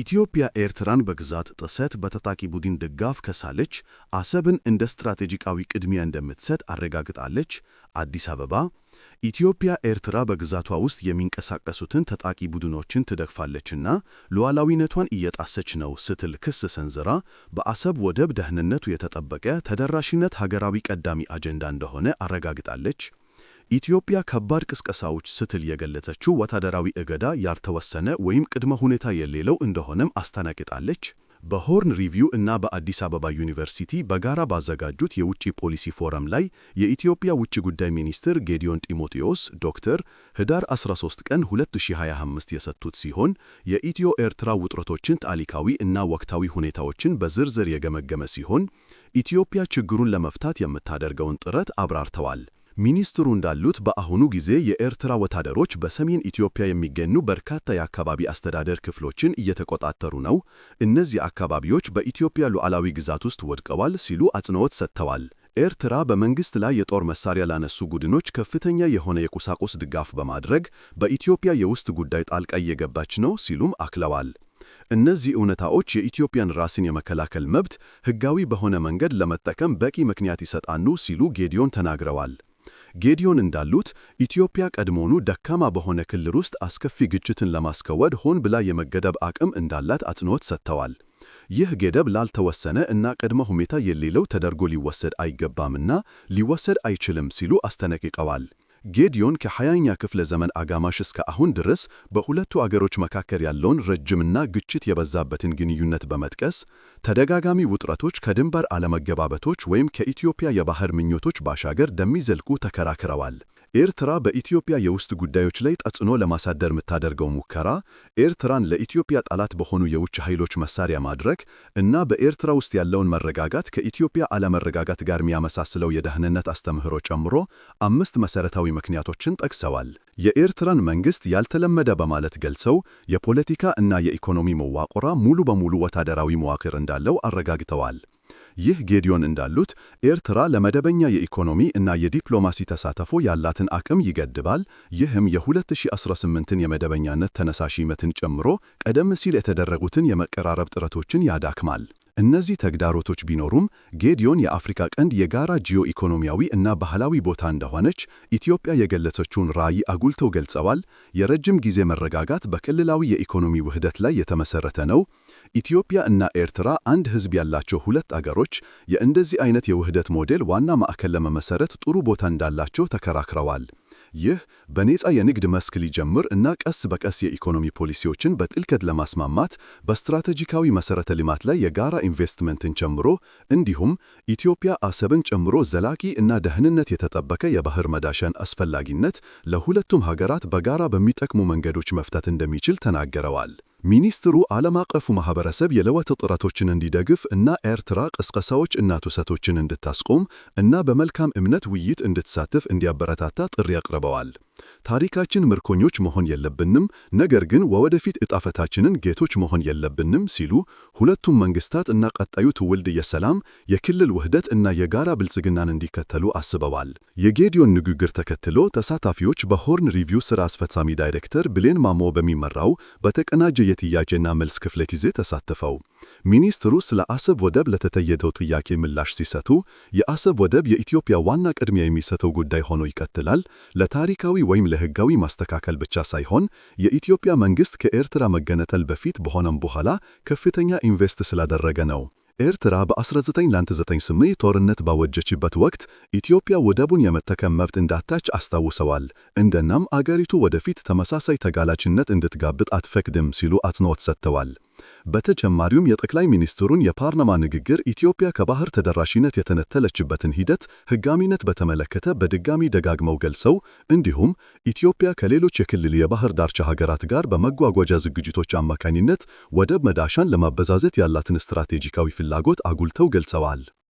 ኢትዮጵያ ኤርትራን በግዛት ጥሰት በታጣቂ ቡድን ድጋፍ ከሳለች አሰብን እንደ ስትራቴጂካዊ ቅድሚያ እንደምትሰጥ አረጋግጣለች። አዲስ አበባ ኢትዮጵያ ኤርትራ በግዛቷ ውስጥ የሚንቀሳቀሱትን ታጣቂ ቡድኖችን ትደግፋለችና ሉዓላዊነቷን እየጣሰች ነው ስትል ክስ ሰንዝራ በአሰብ ወደብ ደህንነቱ የተጠበቀ ተደራሽነት ሀገራዊ ቀዳሚ አጀንዳ እንደሆነ አረጋግጣለች። ኢትዮጵያ ከባድ ቅስቀሳዎች ስትል የገለጸችው ወታደራዊ እገዳ ያልተወሰነ ወይም ቅድመ ሁኔታ የሌለው እንደሆነም አስተናግጣለች። በሆርን ሪቪው እና በአዲስ አበባ ዩኒቨርሲቲ በጋራ ባዘጋጁት የውጭ ፖሊሲ ፎረም ላይ የኢትዮጵያ ውጭ ጉዳይ ሚኒስትር ጌዲዮን ጢሞቴዎስ ዶክተር ህዳር 13 ቀን 2025 የሰጡት ሲሆን የኢትዮ ኤርትራ ውጥረቶችን ታሪካዊ እና ወቅታዊ ሁኔታዎችን በዝርዝር የገመገመ ሲሆን ኢትዮጵያ ችግሩን ለመፍታት የምታደርገውን ጥረት አብራርተዋል። ሚኒስትሩ እንዳሉት በአሁኑ ጊዜ የኤርትራ ወታደሮች በሰሜን ኢትዮጵያ የሚገኙ በርካታ የአካባቢ አስተዳደር ክፍሎችን እየተቆጣጠሩ ነው። እነዚህ አካባቢዎች በኢትዮጵያ ሉዓላዊ ግዛት ውስጥ ወድቀዋል ሲሉ አጽንኦት ሰጥተዋል። ኤርትራ በመንግስት ላይ የጦር መሳሪያ ላነሱ ቡድኖች ከፍተኛ የሆነ የቁሳቁስ ድጋፍ በማድረግ በኢትዮጵያ የውስጥ ጉዳይ ጣልቃ እየገባች ነው ሲሉም አክለዋል። እነዚህ እውነታዎች የኢትዮጵያን ራስን የመከላከል መብት ሕጋዊ በሆነ መንገድ ለመጠቀም በቂ ምክንያት ይሰጣሉ ሲሉ ጌዲዮን ተናግረዋል። ጌዲዮን እንዳሉት ኢትዮጵያ ቀድሞኑ ደካማ በሆነ ክልል ውስጥ አስከፊ ግጭትን ለማስከወድ ሆን ብላ የመገደብ አቅም እንዳላት አጽንኦት ሰጥተዋል። ይህ ገደብ ላልተወሰነ እና ቅድመ ሁኔታ የሌለው ተደርጎ ሊወሰድ አይገባምና ሊወሰድ አይችልም ሲሉ አስጠነቅቀዋል። ጌዲዮን ከ 2 ኛ ክፍለ ዘመን አጋማሽ እስከ አሁን ድረስ በሁለቱ አገሮች መካከል ያለውን ረጅምና ግጭት የበዛበትን ግንኙነት በመጥቀስ ተደጋጋሚ ውጥረቶች ከድንበር አለመገባበቶች ወይም ከኢትዮጵያ የባህር ምኞቶች ባሻገር እንደሚዘልቁ ተከራክረዋል። ኤርትራ በኢትዮጵያ የውስጥ ጉዳዮች ላይ ተጽዕኖ ለማሳደር የምታደርገው ሙከራ ኤርትራን ለኢትዮጵያ ጠላት በሆኑ የውጭ ኃይሎች መሳሪያ ማድረግ እና በኤርትራ ውስጥ ያለውን መረጋጋት ከኢትዮጵያ አለመረጋጋት ጋር የሚያመሳስለው የደህንነት አስተምህሮ ጨምሮ አምስት መሰረታዊ ምክንያቶችን ጠቅሰዋል። የኤርትራን መንግስት ያልተለመደ በማለት ገልጸው የፖለቲካ እና የኢኮኖሚ መዋቅሯ ሙሉ በሙሉ ወታደራዊ መዋቅር እንዳለው አረጋግተዋል። ይህ ጌዲዮን እንዳሉት ኤርትራ ለመደበኛ የኢኮኖሚ እና የዲፕሎማሲ ተሳትፎ ያላትን አቅም ይገድባል። ይህም የ2018ን የመደበኛነት ተነሳሽነትን ጨምሮ ቀደም ሲል የተደረጉትን የመቀራረብ ጥረቶችን ያዳክማል። እነዚህ ተግዳሮቶች ቢኖሩም ጌዲዮን የአፍሪካ ቀንድ የጋራ ጂኦ ኢኮኖሚያዊ እና ባህላዊ ቦታ እንደሆነች ኢትዮጵያ የገለጸችውን ራዕይ አጉልተው ገልጸዋል። የረጅም ጊዜ መረጋጋት በክልላዊ የኢኮኖሚ ውህደት ላይ የተመሰረተ ነው። ኢትዮጵያ እና ኤርትራ አንድ ህዝብ ያላቸው ሁለት አገሮች የእንደዚህ አይነት የውህደት ሞዴል ዋና ማዕከል ለመመሰረት ጥሩ ቦታ እንዳላቸው ተከራክረዋል። ይህ በነፃ የንግድ መስክ ሊጀምር እና ቀስ በቀስ የኢኮኖሚ ፖሊሲዎችን በጥልቀት ለማስማማት በስትራቴጂካዊ መሠረተ ልማት ላይ የጋራ ኢንቨስትመንትን ጨምሮ እንዲሁም ኢትዮጵያ አሰብን ጨምሮ ዘላቂ እና ደህንነት የተጠበቀ የባህር መዳሻን አስፈላጊነት ለሁለቱም ሀገራት በጋራ በሚጠቅሙ መንገዶች መፍታት እንደሚችል ተናግረዋል። ሚኒስትሩ ዓለም አቀፉ ማህበረሰብ የለውጥ ጥረቶችን እንዲደግፍ እና ኤርትራ ቅስቀሳዎች እና ትውሰቶችን እንድታስቆም እና በመልካም እምነት ውይይት እንድትሳተፍ እንዲያበረታታ ጥሪ አቅርበዋል። ታሪካችን ምርኮኞች መሆን የለብንም፣ ነገር ግን ወደፊት እጣፈታችንን ጌቶች መሆን የለብንም ሲሉ ሁለቱም መንግስታት እና ቀጣዩ ትውልድ የሰላም የክልል ውህደት እና የጋራ ብልጽግናን እንዲከተሉ አስበዋል። የጌዲዮን ንግግር ተከትሎ ተሳታፊዎች በሆርን ሪቪው ስራ አስፈጻሚ ዳይሬክተር ብሌን ማሞ በሚመራው በተቀናጀ የጥያቄና መልስ ክፍለ ጊዜ ተሳተፈው። ሚኒስትሩ ስለ አሰብ ወደብ ለተጠየቀው ጥያቄ ምላሽ ሲሰጡ የአሰብ ወደብ የኢትዮጵያ ዋና ቅድሚያ የሚሰጠው ጉዳይ ሆኖ ይቀጥላል ለታሪካዊ ወይም ለህጋዊ ማስተካከል ብቻ ሳይሆን የኢትዮጵያ መንግስት ከኤርትራ መገነጠል በፊት በሆነም በኋላ ከፍተኛ ኢንቨስት ስላደረገ ነው። ኤርትራ በ1998 ጦርነት ባወጀችበት ወቅት ኢትዮጵያ ወደቡን የመጠቀም መብት እንዳታች አስታውሰዋል። እንደናም አገሪቱ ወደፊት ተመሳሳይ ተጋላችነት እንድትጋብጥ አትፈቅድም ሲሉ አጽንኦት ሰጥተዋል። በተጨማሪውም የጠቅላይ ሚኒስትሩን የፓርላማ ንግግር ኢትዮጵያ ከባህር ተደራሽነት የተነተለችበትን ሂደት ህጋሚነት በተመለከተ በድጋሚ ደጋግመው ገልጸው እንዲሁም ኢትዮጵያ ከሌሎች የክልል የባህር ዳርቻ ሀገራት ጋር በመጓጓዣ ዝግጅቶች አማካኝነት ወደብ መዳሻን ለማበዛዘት ያላትን ስትራቴጂካዊ ፍላጎት አጉልተው ገልጸዋል።